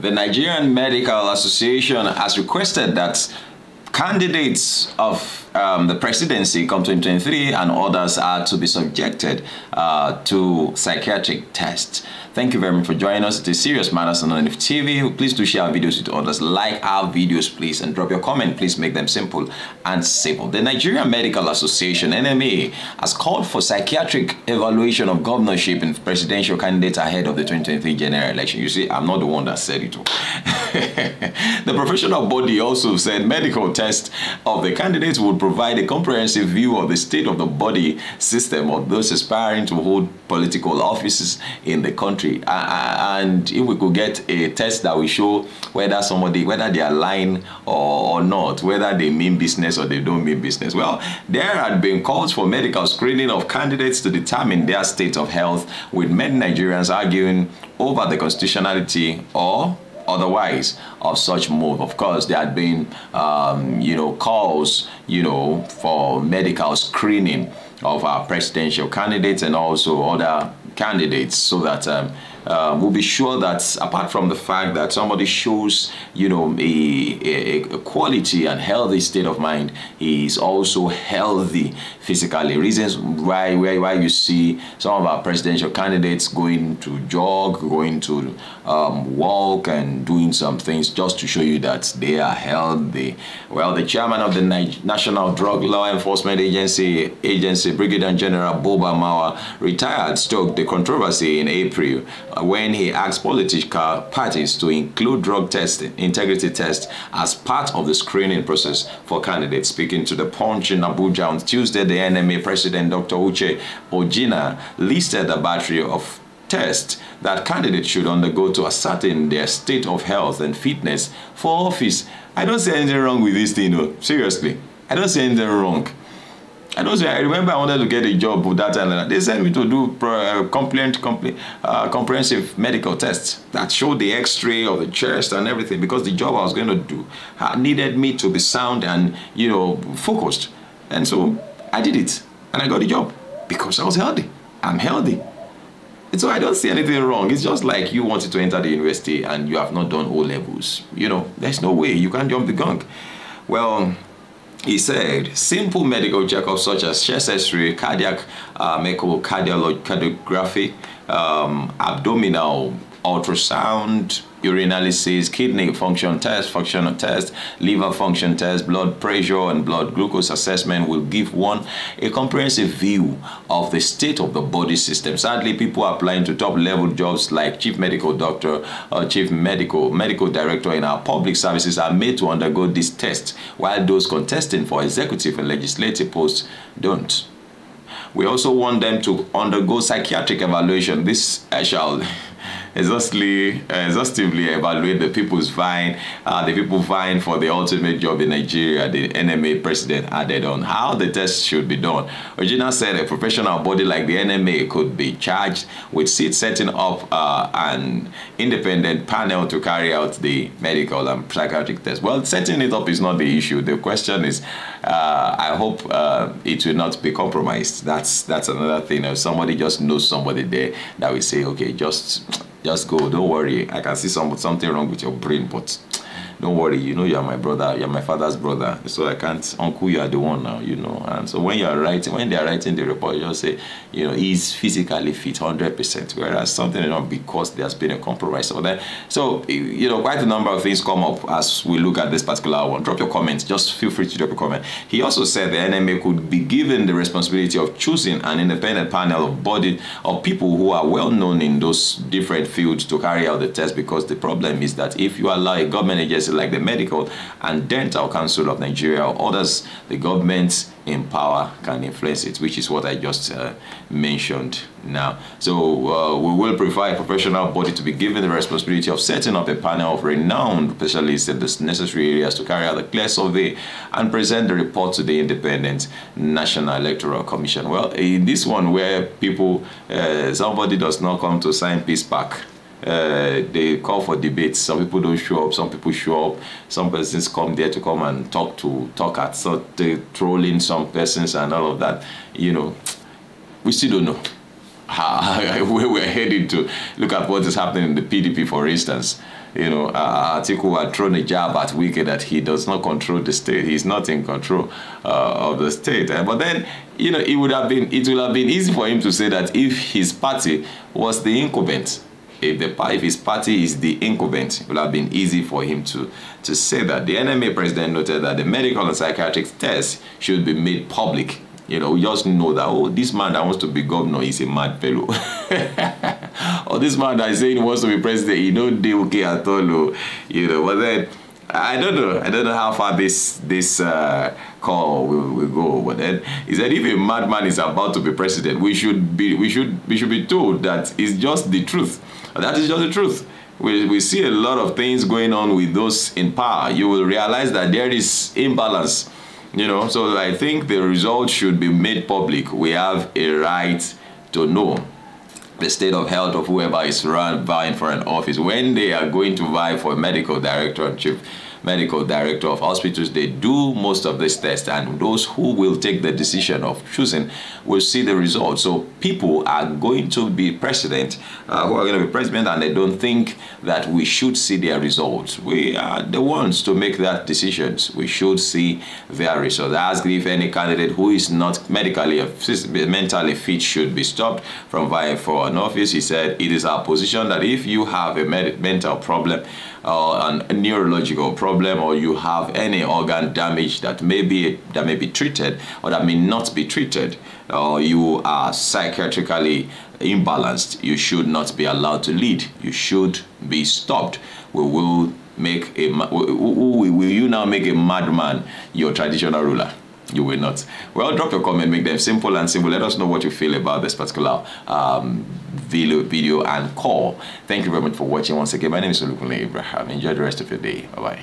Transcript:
The Nigerian Medical Association has requested that candidates of um, the presidency come 2023 and others are to be subjected uh, to psychiatric tests. Thank you very much for joining us. It is Serious Matters on NF TV. Please do share our videos with others. Like our videos, please, and drop your comment. Please make them simple and simple. The Nigerian Medical Association, NMA, has called for psychiatric evaluation of governorship and presidential candidates ahead of the 2023 general election. You see, I'm not the one that said it. the professional body also said medical tests of the candidates would provide a comprehensive view of the state of the body system of those aspiring to hold political offices in the country. And if we could get a test that will show whether somebody, whether they are lying or, or not, whether they mean business or they don't mean business. Well, there had been calls for medical screening of candidates to determine their state of health, with many Nigerians arguing over the constitutionality or otherwise of such move. Of course, there had been, um, you know, calls, you know, for medical screening of our presidential candidates and also other candidates so that um, um, we'll be sure that apart from the fact that somebody shows, you know, a, a, a quality and healthy state of mind, is also healthy physically. Reasons why, why, why you see some of our presidential candidates going to jog, going to um, walk and doing some things just to show you that they are healthy. Well, the chairman of the National Drug Law Enforcement Agency, Agency Brigadier General Boba Mawa, retired, stoked the controversy in April when he asked political parties to include drug testing, integrity tests as part of the screening process for candidates. Speaking to the Punch in Abuja on Tuesday, the NMA president Dr. Uche Ojina listed a battery of tests that candidates should undergo to ascertain their state of health and fitness for office. I don't see anything wrong with this thing, no. seriously. I don't see anything wrong. I don't say, I remember I wanted to get a job with that time. They sent me to do uh, uh, comprehensive medical tests that showed the x-ray of the chest and everything because the job I was going to do uh, needed me to be sound and, you know, focused. And so I did it and I got the job because I was healthy. I'm healthy. And so I don't see anything wrong. It's just like you wanted to enter the university and you have not done O levels. You know, there's no way you can't jump the gunk. Well, he said, simple medical checkups such as chest x-ray, cardiac um, uh, echocardiography, um, abdominal ultrasound, urinalysis, kidney function test, functional test, liver function test, blood pressure and blood glucose assessment will give one a comprehensive view of the state of the body system. Sadly, people applying to top level jobs like chief medical doctor or uh, chief medical medical director in our public services are made to undergo this test, while those contesting for executive and legislative posts don't. We also want them to undergo psychiatric evaluation. This I shall exhaustively, uh, exhaustively evaluate the people's vying, uh, the people vying for the ultimate job in Nigeria, the NMA president added on how the test should be done. Regina said a professional body like the NMA could be charged with setting up uh, an independent panel to carry out the medical and psychiatric test. Well, setting it up is not the issue. The question is, uh, I hope uh, it will not be compromised. That's, that's another thing. If somebody just knows somebody there that will say, okay, just just go don't worry i can see some, something wrong with your brain but don't worry you know you are my brother you are my father's brother so i can't uncle you are the one now you know and so when you are writing when they are writing the report you just say you know he's physically fit 100 percent whereas something you know because there's been a compromise So that so you know quite a number of things come up as we look at this particular one drop your comments just feel free to drop a comment he also said the nma could be given the responsibility of choosing an independent panel of body of people who are well known in those different field to carry out the test because the problem is that if you allow a government agency like the Medical and Dental Council of Nigeria or others, the government in power can influence it, which is what I just uh, mentioned now. So uh, we will prefer a professional body to be given the responsibility of setting up a panel of renowned specialists in the necessary areas to carry out the clear survey and present the report to the independent National Electoral Commission. Well, in this one where people, uh, somebody does not come to sign peace back. Uh, they call for debates. Some people don't show up. Some people show up. Some persons come there to come and talk to talk at so they trolling some persons and all of that. You know, we still don't know where we're heading to. Look at what is happening in the PDP, for instance. You know, uh, Atiku had thrown a jab at Wike that he does not control the state. He's not in control uh, of the state. Uh, but then, you know, it would have been it would have been easy for him to say that if his party was the incumbent if the if his party is the incumbent, it would have been easy for him to to say that. The NMA president noted that the medical and psychiatric tests should be made public. You know, just know that oh, this man that wants to be governor is a mad fellow. or this man that is saying he wants to be president, he don't deal okay at all. Oh. You know, but then I don't know. I don't know how far this this uh, call will, will go. But then is that if a madman is about to be president, we should be we should we should be told that it's just the truth. That is just the truth. We, we see a lot of things going on with those in power. You will realize that there is imbalance. You know, so I think the results should be made public. We have a right to know the state of health of whoever is run vying for an office when they are going to vie for medical director chief medical director of hospitals, they do most of this test, and those who will take the decision of choosing will see the results. So people are going to be president, uh, who are going to be president and they don't think that we should see their results. We are the ones to make that decisions. We should see their results. I ask if any candidate who is not medically or mentally fit should be stopped from vying for an office. He said, it is our position that if you have a mental problem or uh, a neurological problem, problem or you have any organ damage that may be that may be treated or that may not be treated or you are psychiatrically imbalanced you should not be allowed to lead you should be stopped we will make a will you now make a madman your traditional ruler you will not well drop your comment make them simple and simple let us know what you feel about this particular um, video video and call thank you very much for watching once again my name is Olukunle Abraham enjoy the rest of your day bye bye